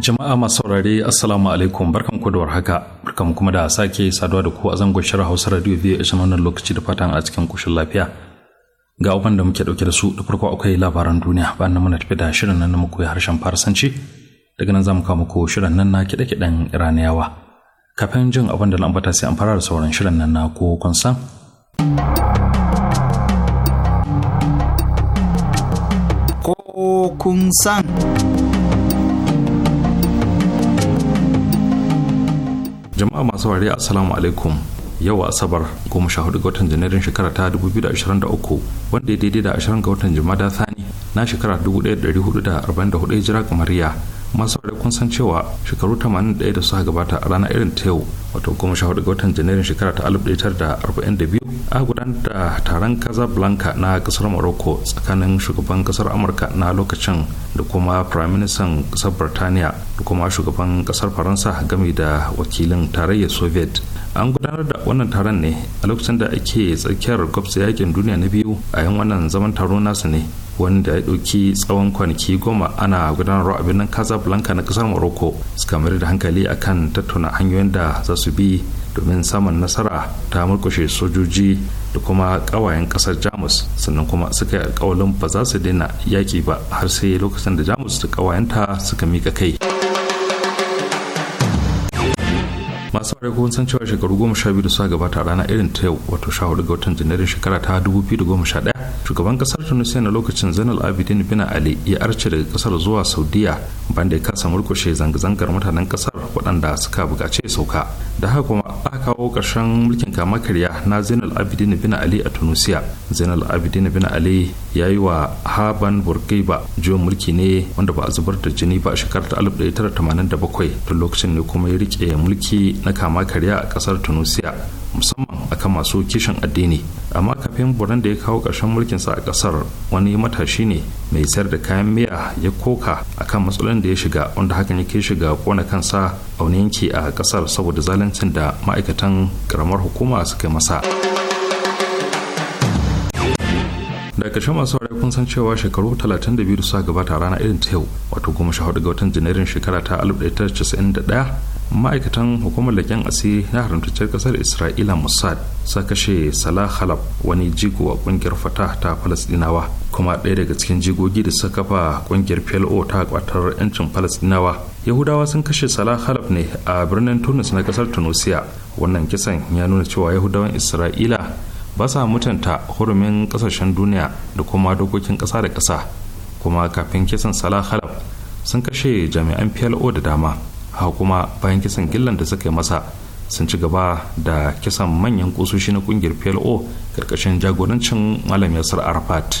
Jama'a masu saurare Assalamu alaikum barkan ku da warhaka barkan kuma da sake saduwa da ku a zangon shirin Hausa Radio biyu a wannan lokaci da fatan a cikin kushin lafiya. Ga abin da muke dauke da su da farko akwai labaran duniya bayan nan muna tafi da shirin nan na muku harshen Farsanci daga nan zamu kawo muku shirin nan na kide kiɗen Iraniyawa. Kafin jin abin da na ambata sai an fara da sauran shirin nan na ko kun san. Ko kun san. jama'a masu wari assalamu alaikum yau asabar goma sha hudu ga watan janairun shekara ta 2023 wanda ya daidai da 20 ga watan jumada thani na shekara 1444 ga kamariya masu wari kun san cewa shekaru 81 da suka gabata a ranar irin ta yau wato goma sha hudu ga watan janairun shekara ta 1942 a gudanar da taron casablanca na kasar morocco tsakanin shugaban kasar amurka na lokacin da kuma firaministan kasar birtaniya da kuma shugaban kasar faransa game da wakilin tarayyar soviet an gudanar da wannan taron ne a lokacin da ake tsakiyar gwabsa yakin duniya na biyu a yin wannan zaman taro nasu ne wanda ya ɗauki tsawon kwanaki goma ana gudanarwa a birnin casablanca na ƙasar morocco suka mayar da hankali akan tattauna hanyoyin da za su bi domin samun nasara ta murkushe sojoji da kuma ƙawayen ƙasar jamus sannan kuma suka yi alƙawalin ba za su daina yaƙi ba har sai lokacin da jamus da ƙawayenta suka mika kai masu ware kun san cewa shekaru goma sha biyu da suka gabata rana irin ta yau wato sha hudu ga watan janairun shekara ta dubu biyu da goma sha ɗaya shugaban kasar tunisia na lokacin zainal abidin bin ali ya arce daga kasar zuwa saudiya da ya kasa murkushe zanga-zangar mutanen kasar waɗanda suka buƙaci sauka da haka kuma aka kawo ƙarshen mulkin kama karya na zainal zainal abidin bin ali a tunisia zainal abidin bin ali ya yi wa haban burgiba juyin mulki ne wanda ba a zubar da jini ba a shekarar 1987 tun lokacin ne kuma ya rike mulki na kama karya a kasar tunisia musamman akan masu kishin addini amma kafin buran da ya kawo ƙarshen mulkinsa a ƙasar wani matashi ne mai sayar da kayan miya ya koka akan matsalolin da ya shiga wanda hakan ya kai shiga kona kansa a wani yanki a ƙasar saboda zaluncin da ma'aikatan ƙaramar hukuma suka masa. daga ƙarshen masu saurari kun san cewa shekaru 32 da suka gabata rana irin ta yau wato goma ga watan janairun shekara ta 1991 ma'aikatan hukumar leƙen asiri na haramtacciyar ƙasar isra'ila mossad sa kashe salah halab wani jigo a ƙungiyar fatah ta falastinawa kuma ɗaya daga cikin jigogi da suka kafa ƙungiyar plo ta kwatar 'yancin falastinawa yahudawa sun kashe salah halab ne a birnin tunis na ƙasar tunisia wannan kisan ya nuna cewa yahudawan isra'ila ba sa mutunta hurumin kasashen duniya da kuma dokokin kasa da kasa kuma kafin kisan salah halab sun kashe jami'an plo da dama haka kuma bayan kisan gillan da suka yi masa sun ci gaba da kisan manyan kusoshi na kungiyar plo karkashin jagorancin malam yasir arafat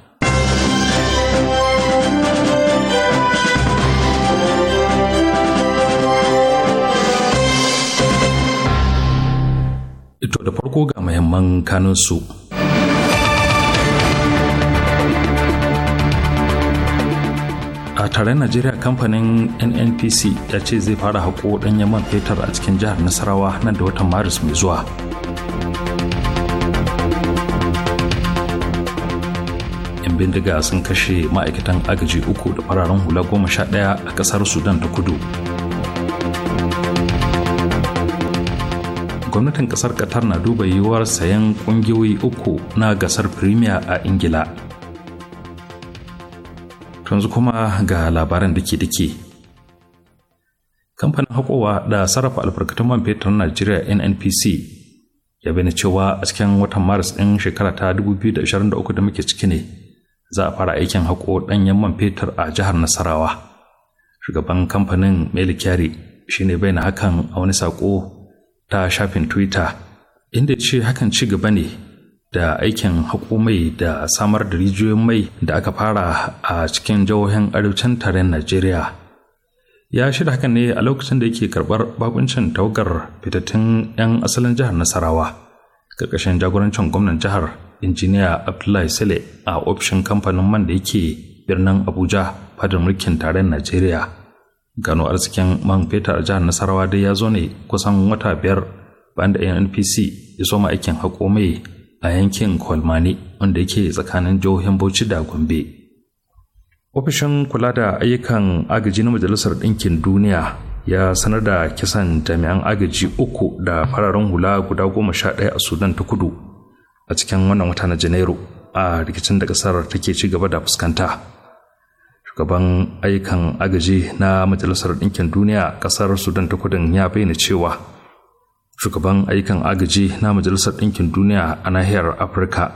To da farko ga muhimman kanunsu. A taron Najeriya kamfanin NNPC ya ce zai fara haƙo ɗanyen man fetur a cikin jihar Nasarawa nan da watan Maris mai zuwa. ‘Yan bindiga sun kashe ma'aikatan agaji uku da fararen hula goma sha ɗaya a ƙasar Sudan da kudu. gwamnatin kasar qatar na duba yiwuwar sayan kungiyoyi uku na gasar premier a ingila yanzu kuma ga labaran dake dake kamfanin haƙowa da sarrafa albarkatun man fetur na najeriya nnpc ya bani cewa a cikin watan maris ɗin shekara ta 2023 da muke ciki ne za a fara aikin haƙo ɗanyen man fetur a jihar nasarawa shugaban kamfanin meli ne shine bayyana hakan a wani saƙo ta shafin twitter inda ce hakan ci gaba ne da aikin haƙo mai da samar da rijiyoyin mai da aka fara a cikin jihohin arewacin taron najeriya ya shirya hakan ne a lokacin da yake karɓar bakuncin tawagar fitattun 'yan asalin jihar nasarawa ƙarƙashin jagorancin gwamnan jihar injiniya abdullahi sale a ofishin kamfanin man da yake birnin abuja fadar mulkin taron najeriya gano arzikin man fetur a jihar nasarawa dai ya zo ne kusan wata biyar bayan da nnpc ya soma aikin haƙo mai a yankin kolmani wanda yake tsakanin jihohin bauchi da gombe ofishin kula da ayyukan agaji na majalisar ɗinkin duniya ya sanar da kisan jami'an agaji uku da fararen hula guda goma sha ɗaya a sudan ta kudu a cikin wannan wata na janairu a rikicin da ƙasar take ci gaba da fuskanta shugaban aikan agaji na majalisar ɗinkin duniya ƙasar sudan ta kudin ya bayyana cewa shugaban aikan agaji na majalisar ɗinkin duniya a nahiyar afirka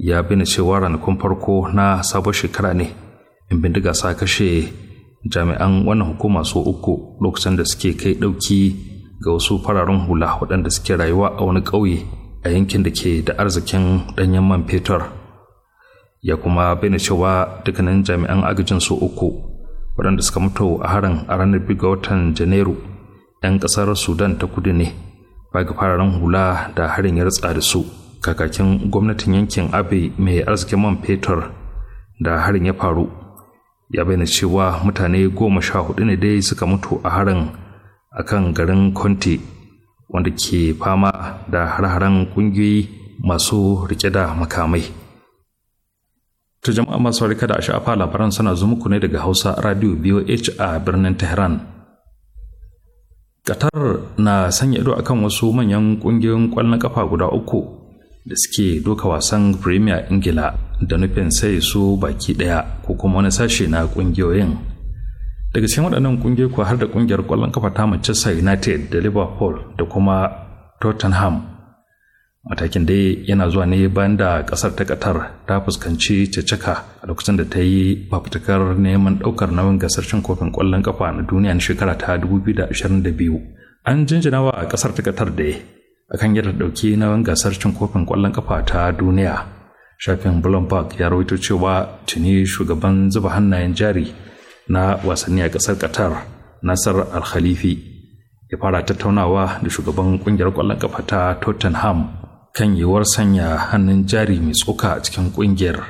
ya bayyana cewa ranakun farko na sabon shekara ne in bindiga sa kashe jami'an wannan hukuma su uku lokacin da suke kai ɗauki ga wasu fararen hula waɗanda suke rayuwa a wani ƙauye a yankin da ke da arzikin ɗanyen man fetur ya kuma bayyana cewa dukkanin jami'an agajin su uku waɗanda suka mutu a harin a ranar biyu ga watan janairu 'yan ƙasar sudan ta kudu ne ba ga fararen hula da harin ya ratsa da su kakakin gwamnatin yankin abe mai arzikin man fetur da harin ya faru ya bayyana cewa mutane goma sha hudu ne dai suka mutu a harin a kan garin conte wanda ke fama da har-haren ƙungiyoyi masu rike da makamai To jama'a masu warika da sha'afa labaran suna zo muku ne daga Hausa Radio BOH a birnin Tehran. Qatar na sanya ido akan wasu manyan ƙungiyoyin ƙwallon ƙafa guda uku da suke doka wasan Premier Ingila da nufin sai su baki ɗaya ko kuma wani sashe na ƙungiyoyin. Daga cikin waɗannan ƙungiyoyi kuwa har da ƙungiyar ƙwallon ƙafa ta Manchester United da Liverpool da kuma Tottenham matakin dai yana zuwa ne bayan da kasar ta katar ta fuskanci caccaka a lokacin da ta yi fafutukar neman ɗaukar nauyin gasar cin kofin kwallon kafa na duniya na shekara ta 2022 an jinjina wa kasar ta katar da a kan yadda dauki nauyin gasar cin kofin kwallon kafa ta duniya shafin bloomberg ya rawaito cewa tuni shugaban zuba hannayen jari na wasanni a ƙasar qatar nasar al-khalifi ya fara tattaunawa da shugaban ƙungiyar kwallon ƙafa ta tottenham kan yiwuwar sanya hannun jari mai tsoka a cikin ƙungiyar.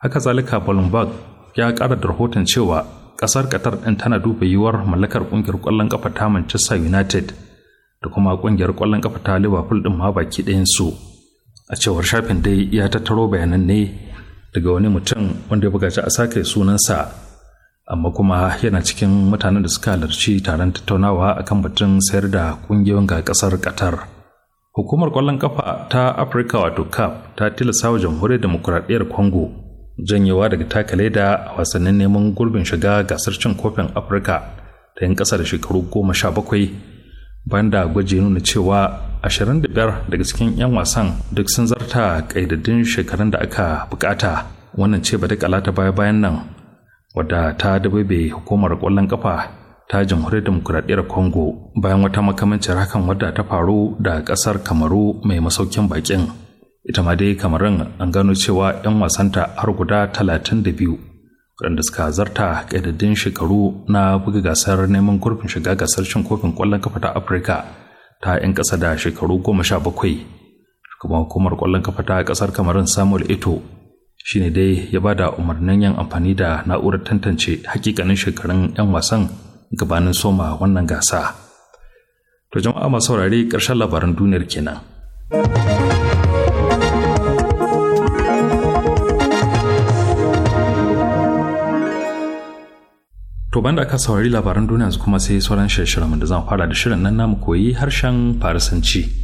Haka zalika Bolenberg ya kara da rahoton cewa ƙasar Qatar ɗin tana duba yiwuwar mallakar ƙungiyar ƙwallon ƙafa ta Manchester United da kuma ƙungiyar ƙwallon ƙafa ta Liverpool ɗin ma baki ɗayansu. A cewar shafin dai ya tattaro bayanan ne daga wani mutum wanda ya buƙaci a sake sunansa amma kuma yana cikin mutanen da suka halarci taron tattaunawa akan batun sayar da ƙungiyoyin ga kasar Qatar. hukumar kwallon kafa ta afirka wato CAF ta tilasta wa jamhuriyar demokuraɗiyyar congo janyewa daga taka leda a wasannin neman gurbin shiga gasar cin kofin afirka ta yin ƙasa da shekaru goma sha bakwai banda gwaji nuna cewa 25 daga cikin 'yan wasan duk sun zarta ƙaidaddun shekarun da aka bukata wannan ce ba ta baya bayan nan wadda ta dabaibe hukumar kwallon kafa ta jamhuriyar demokuraɗiyyar congo bayan wata makamancin hakan wadda ta faru da ƙasar kamaru mai masaukin bakin ita ma dai kamarin an gano cewa 'yan wasanta har guda talatin da biyu waɗanda suka zarta ƙaidaddun shekaru na buga gasar neman gurbin shiga gasar cin kofin ƙwallon kafa ta afirka ta 'yan ƙasa da shekaru goma sha bakwai shugaban hukumar ƙwallon kafa ta ƙasar kamarin samuel ito shine dai ya ba da umarnin yin amfani da na'urar tantance hakikanin shekarun 'yan wasan gabanin soma wannan gasa. To jama'a masu saurare ƙarshen labaran duniyar kenan. To banda aka saurari labaran duniya kuma sai sauran shirye-shiryen da zan fara da shirin nan namu koyi harshen Farisanci.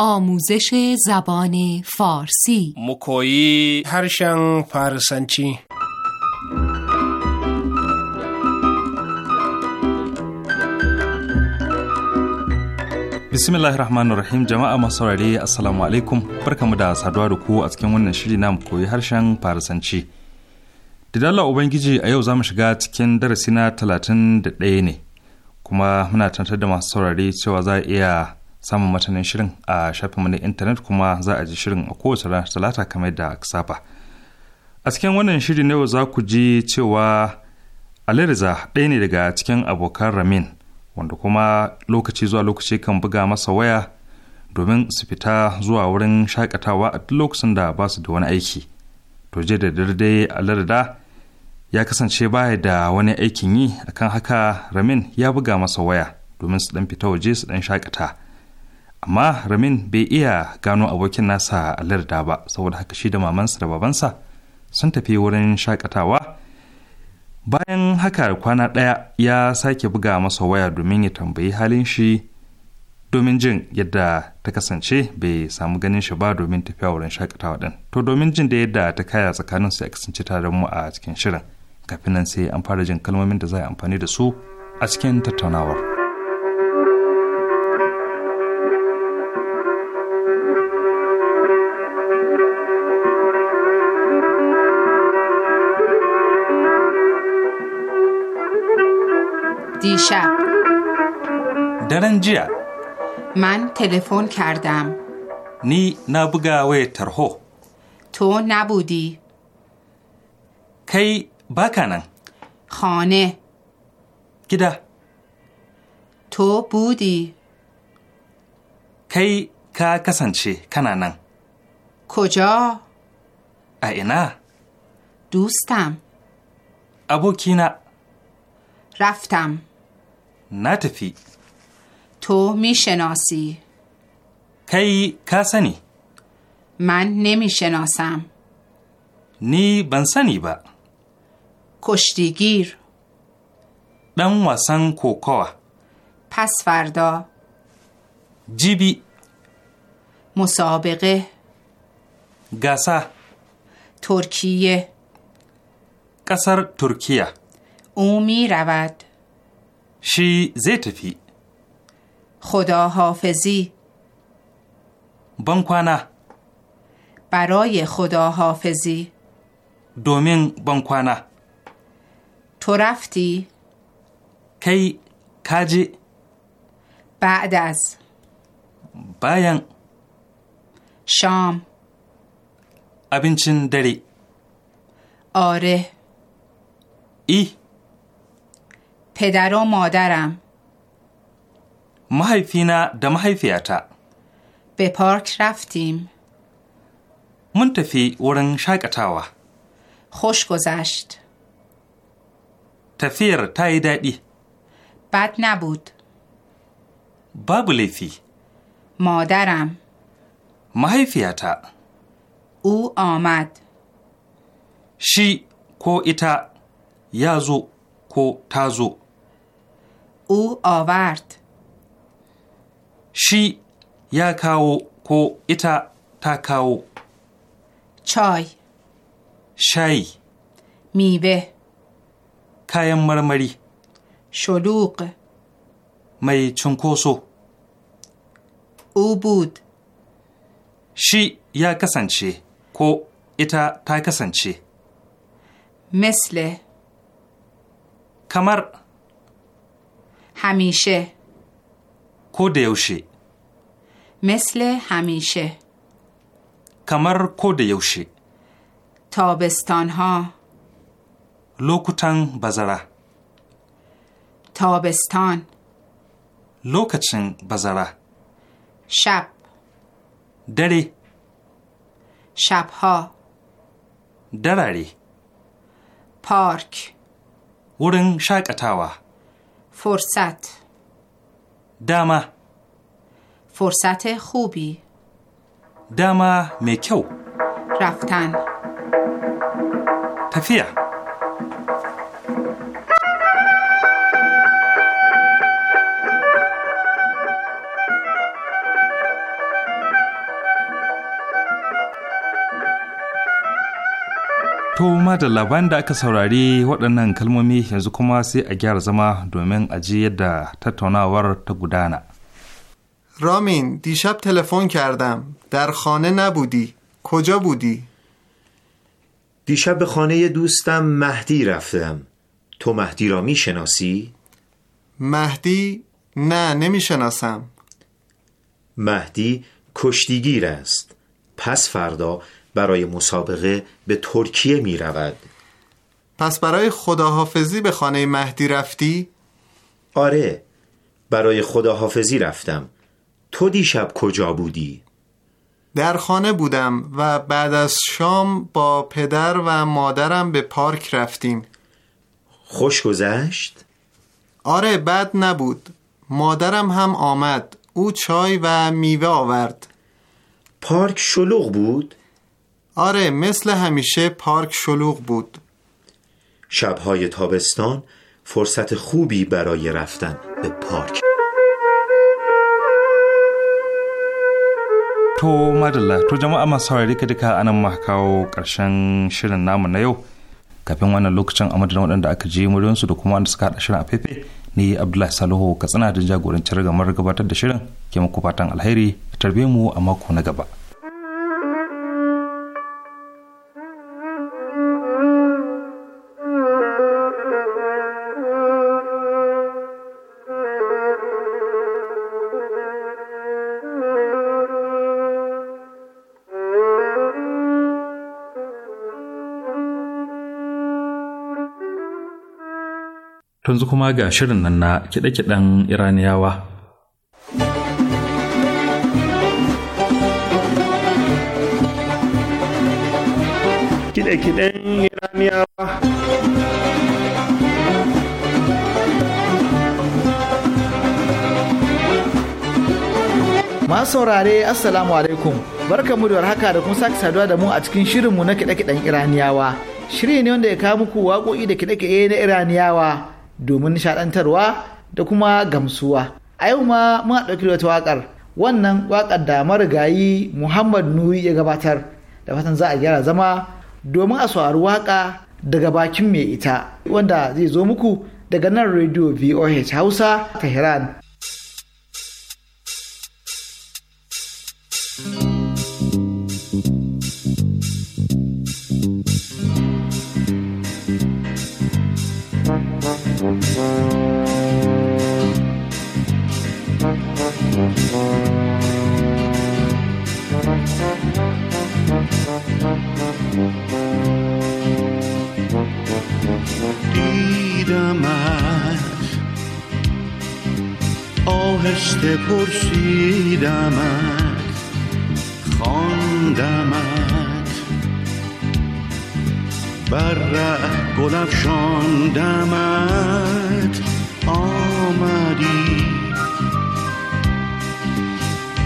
آموزش zabani فارسی mu koyi harshen bismillahir rahmanir rahim jama'a masu saurare assalamu alaikum barkamu da saduwa da ku a cikin wannan shiri na koyi harshen farisanci didalla ubangiji a yau za mu shiga cikin darasi na talatin da ɗaya ne kuma muna tantar da masu saurari cewa za a iya samun matanin shirin a shafinmu na intanet kuma za a ji shirin a kowace ranar talata kamar da saba a cikin wannan shirin ne za ku ji cewa alirza ɗaya ne daga cikin abokan ramin wanda kuma lokaci zuwa lokaci kan buga masa waya domin su fita zuwa wurin shakatawa a duk lokacin da ba su da wani aiki to je da dai alarda ya kasance baya da wani aikin yi akan haka ramin ya buga masa waya domin su ɗan fita waje su ɗan shakata amma ramin bai iya gano abokin nasa a larda ba saboda haka shi da mamansa da babansa sun tafi wurin shakatawa bayan haka kwana ɗaya ya sake buga masa waya domin ya tambayi halin shi domin jin yadda ta kasance bai samu ganin shi ba domin tafiya wurin shakatawa din to domin jin da yadda ta kaya tsakanin su ya kasance tare mu a cikin shirin kafin nan sai an fara jin kalmomin da za a amfani da su a cikin tattaunawar. دیشب درن جیا من تلفن کردم نی نبگا و تو نبودی کی بکنن خانه کدا تو بودی کی کا کسنچی کنانن کجا اینا دوستم ابو کینا رفتم ناتفی تو میشناسی کی کسنی من نمیشناسم نی بنسنی با کشتیگیر دن واسن کوکا پس فردا جیبی مسابقه گسه ترکیه قصر ترکیه او می رود شی زی فی خدا حافظی برای خدا حافظی دومین بانکوانا تو رفتی کی کجی؟ بعد از باین شام ابینچن دری آره ای پدر و مادرم مهیفینا ده مهیفیاتا به پارک رفتیم منتفی ورن شاکتاوا خوش گذشت تفیر تای دادی بد نبود بابلیفی مادرم مهیفیاتا او آمد شی کو ایتا یازو کو تازو او آورد شی یا کاو کو ایتا تا کاو چای شای میوه کایم مرمری شلوغ می چونکوسو او بود شی یا کسانچه کو ایتا تا کسانچه مثل کمر همیشه کودیوشی مثل همیشه کمر کودیوشی تابستان ها لوکتان بزره تابستان لوکچن بزره شب دری شبها دراری پارک ورن شاکتاوه فرصت دما فرصت خوبی داما میکو رفتن تفیه تو da bayan da aka saurari waɗannan kalmomi yanzu kuma sai a gyara zama domin a ji yadda tattaunawar ta رامین دیشب تلفن کردم در خانه نبودی کجا بودی؟ دیشب به خانه دوستم مهدی رفتم تو مهدی را میشناسی؟ مهدی نه نمیشناسم مهدی کشتیگیر است پس فردا برای مسابقه به ترکیه می رود پس برای خداحافظی به خانه مهدی رفتی؟ آره برای خداحافظی رفتم تو دیشب کجا بودی؟ در خانه بودم و بعد از شام با پدر و مادرم به پارک رفتیم خوش گذشت؟ آره بد نبود مادرم هم آمد او چای و میوه آورد پارک شلوغ بود؟ آره مثل همیشه پارک شلوغ بود شبهای تابستان فرصت خوبی برای رفتن به پارک تو مدله تو جمع اما سایری که دیگه انا محکاو کرشن شرن نام نیو کپیم وانا چنگ اما دیگه انده اک جی مدیون سو دکومو نی سکار اشرا پیپی نی عبدالله سالوهو کسنا دنجا گورن چرگ مرگ باتا دشرن کم کپاتن الهیری تربیمو اما کونگ بات Tunzu kuma ga shirin nan na kiɗe-kiɗen iraniyawa kiɗe-kiɗen iraniyawa masu saurare assalamu alaikum barkamu da haka da kuma sake saduwa da mu a cikin shirinmu na kiɗe-kiɗen iraniyawa shiri ne wanda ya kawo muku waƙoƙi da kiɗe-kiɗe na iraniyawa domin nishadantarwa da kuma gamsuwa a yau ma muna ɗauki da wata waƙar wannan waƙar da marigayi muhammad nuri ya gabatar da fatan za a gyara zama domin a saurari waƙa daga bakin mai ita wanda zai zo muku daga nan rediyo voh hausa ta tehran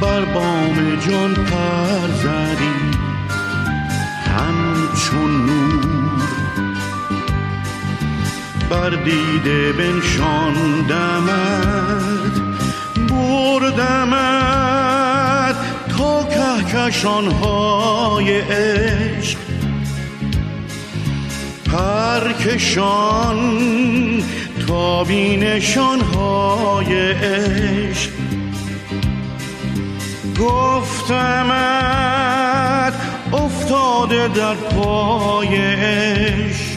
بر بام جان پر زدی همچون نور بر دیده دمد بردمد تا کهکشانهای عشق پرکشان با نشان های عشق گفتم افتاده در پای عشق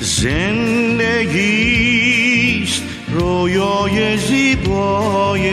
است رویای زیبای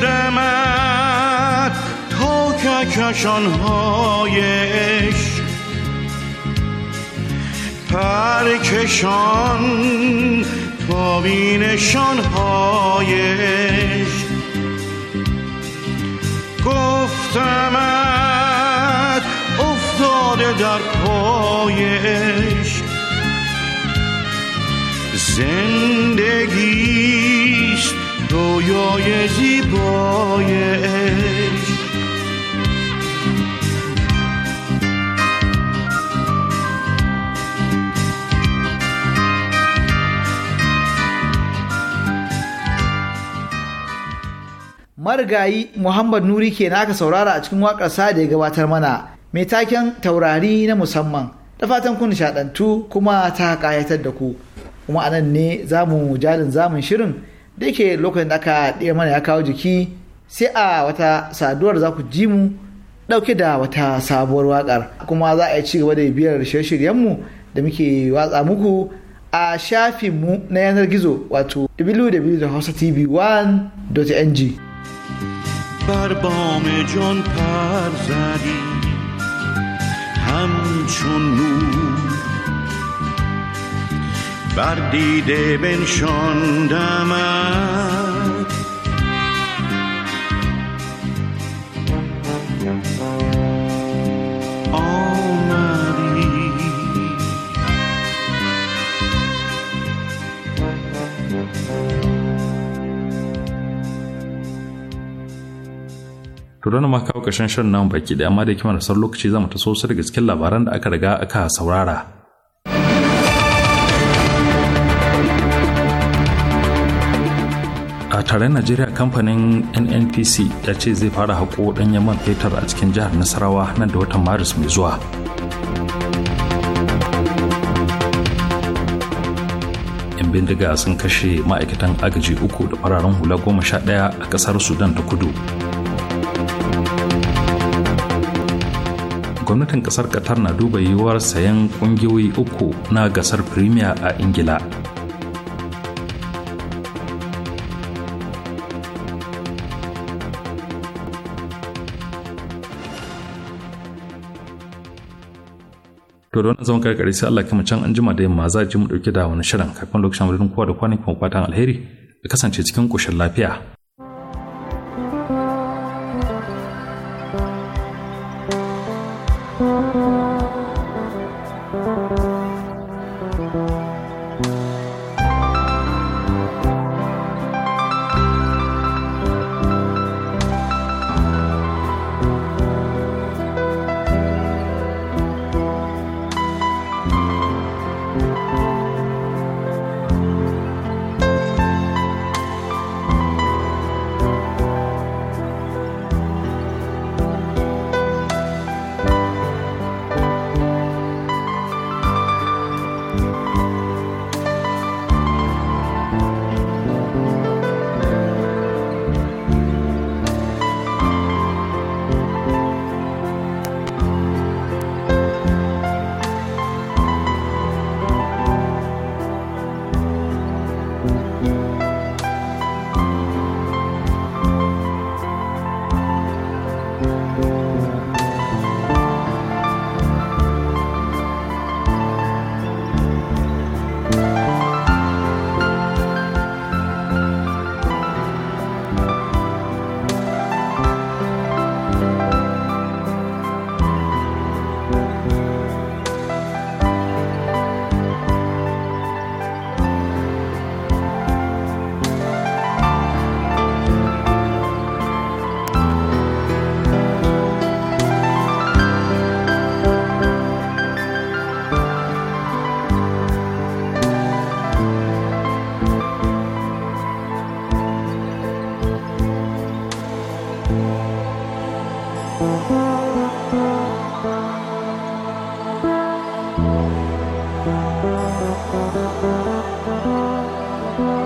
بردمت تا کشانهایش عشق پرکشان تا بینشانهایش هایش، گفتمت افتاده در پایش زندگی رویای زیبای marigayi muhammad nuri ke naka saurara a cikin waƙarsa da ya gabatar mana mai taken taurari na musamman da fatan kun nishaɗantu kuma ta ƙayatar da ku kuma anan ne zamu jalin zamun shirin da yake lokacin da aka ɗaya mana ya kawo jiki sai a wata saduwar za ku ji mu ɗauke da wata sabuwar waƙar kuma za a yi ci gaba da biyar shirye-shiryenmu da muke watsa muku a shafinmu na yanar gizo wato www.hausatv1.ng بر بام جان پر زدی همچون بر دیده بنشاندم آمدی Turan ma kawo ƙarshen shirin nan baki da amma da kima da lokaci za mu taso su daga cikin labaran da aka riga aka saurara. a najeriya kamfanin nnpc ya ce zai fara haƙo ɗanyen man fetur a cikin jihar nasarawa nan da watan maris mai zuwa yan bindiga sun kashe ma'aikatan agaji uku da fararen hula goma sha ɗaya a ƙasar sudan ta kudu gwamnatin ƙasar qatar na duba yiwuwar sayan ƙungiyoyi uku na gasar premier a ingila to don zaman karkare sai Allah kuma can an jima da yamma za a ji mu dauke da wani shirin kafin lokacin murin kowa da kwanan kuma fatan alheri a kasance cikin koshin lafiya Thank you.